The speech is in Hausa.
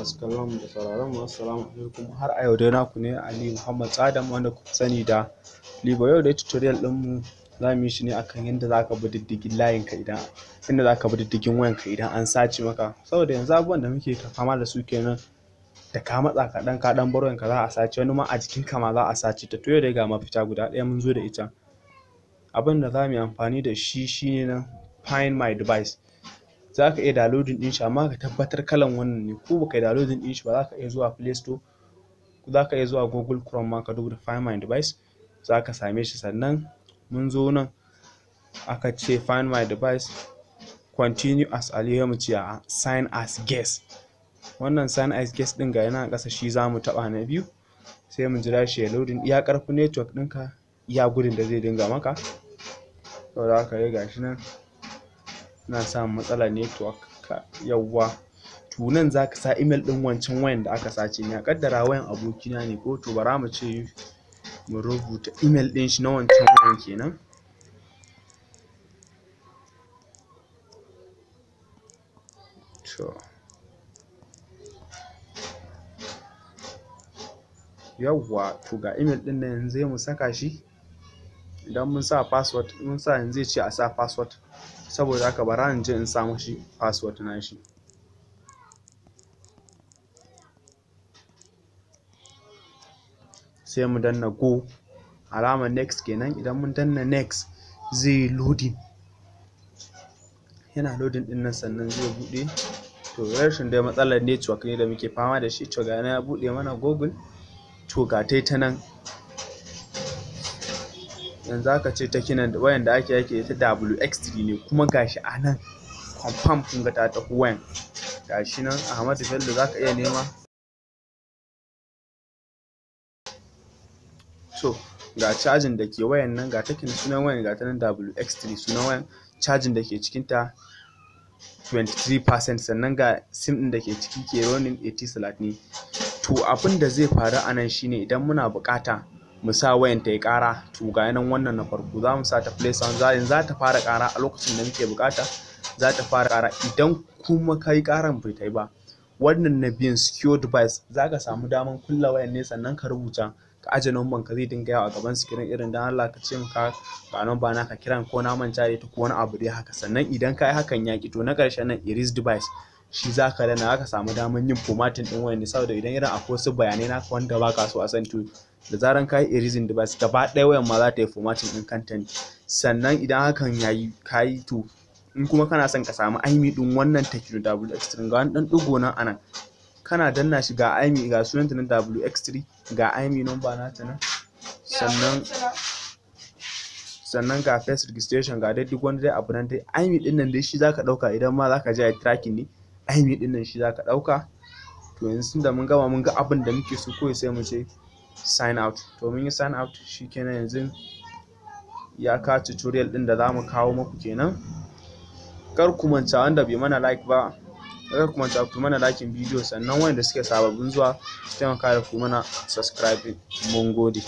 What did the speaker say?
masu kallon da sauraron mu assalamu alaikum har a yau dai naku ne Ali Muhammad Sadam wanda ku sani da Libo yau dai tutorial din mu za mu yi shi ne akan yadda za ka bi diddigin layin ka idan yadda za bi diddigin wayan ka idan an sace maka saboda yanzu abubuwan da muke fama da su kenan da ka matsa kaɗan ka dan bar ka za a sace wani ma a jikin ka ma za a sace ta to yau dai ga mafita guda ɗaya mun zo da ita abin da za mu yi amfani da shi shine na find my device za ka iya downloading ɗin shi amma ka tabbatar kalan wannan ne ko baka yi downloading ɗin shi ba za ka iya zuwa play store za ka iya zuwa google chrome ma ka duba find my device za ka same shi sannan mun zo nan aka ce find my device continue as aliyu ce a sign as guest wannan sign as guest ɗin ga yana ƙasa shi za mu taɓa na biyu sai mu jira shi ya loading iya karfin network ɗinka iya gudun da zai dinga maka saboda haka dai gashi nan ina samun matsala network ka yawwa to nan zaka sa email ɗin wancan wayan da aka sace ni a ƙaddara wayan abokina ne ko to bara mu ce mu rubuta email ɗin shi na wancan wayan kenan to yawwa to ga email ɗin nan zai mu saka shi idan mun sa password mun sa yanzu zai ce a sa password saboda haka bara in je in sa shi password shi. sai mu danna go alama next kenan idan mun danna next zai loading yana loading din nan sannan zai bude to rashin dai matsalar network ne da muke fama da shi to ga na ya bude mana google to ga ta nan yanzu aka ce ta kinan wayanda ake yake ita WX3 ne kuma gashi a nan confirm kun ga ta tafi wayan gashi nan Ahmadu Bello zaka iya nema so ga cajin da ke wayan nan ga ta sunan wayan ga ta nan WX3 sunan wayan cajin da ke cikin ta 23% sannan ga sim din da ke ciki ke ronin 80 slat ne to abin da zai faru a nan shine idan muna buƙata mu sa wayan ta yi kara to ga nan wannan na farko za mu sa ta play sound zayin za ta fara kara a lokacin da muke bukata za ta fara kara idan kuma kayi karan bai ta yi ba wannan na biyan secure device za ka samu daman kulla wayan ne sannan ka rubuta ka aje numban ka zai dinga yawa a gaban screen irin dan Allah ka ce ka ga numba na ka kiran ko na manta ne ko wani abu dai haka sannan idan ka yi hakan yaki to na ƙarshen nan erase device shi za ka dana za ka samu daman yin formatting ɗin wayan ne saboda idan irin akwai su bayanai na wanda ba ka so a san to da zaran ka yi erasing device gaba ɗaya wayan ma za ta yi formatting ɗin kanta ne sannan idan hakan ya yi ka yi to in kuma kana son ka samu aimi e ɗin wannan techno wx3 ga wani ɗan ɗigo nan anan kana danna shi ga aimi e, ga sunanta na wx3 ga aimi e number ta nan sannan sannan ga face registration ga dai duk wani dai abu nan dai aimi ɗin nan dai shi za ka ɗauka idan ma za ka je a tracking ne aimi ɗin nan shi za ka ɗauka to yanzu da mun gama mun ga abin da muke so kawai sai mu je. sign out to mun yi sign out shi kenan yanzu ya ka tutorial din da zamu kawo muku kenan kar ku manta wanda bai mana like ba kar ku manta ku mana like bidiyo sannan wanda suke sababbin zuwa su taimaka da ku mana subscribe mun gode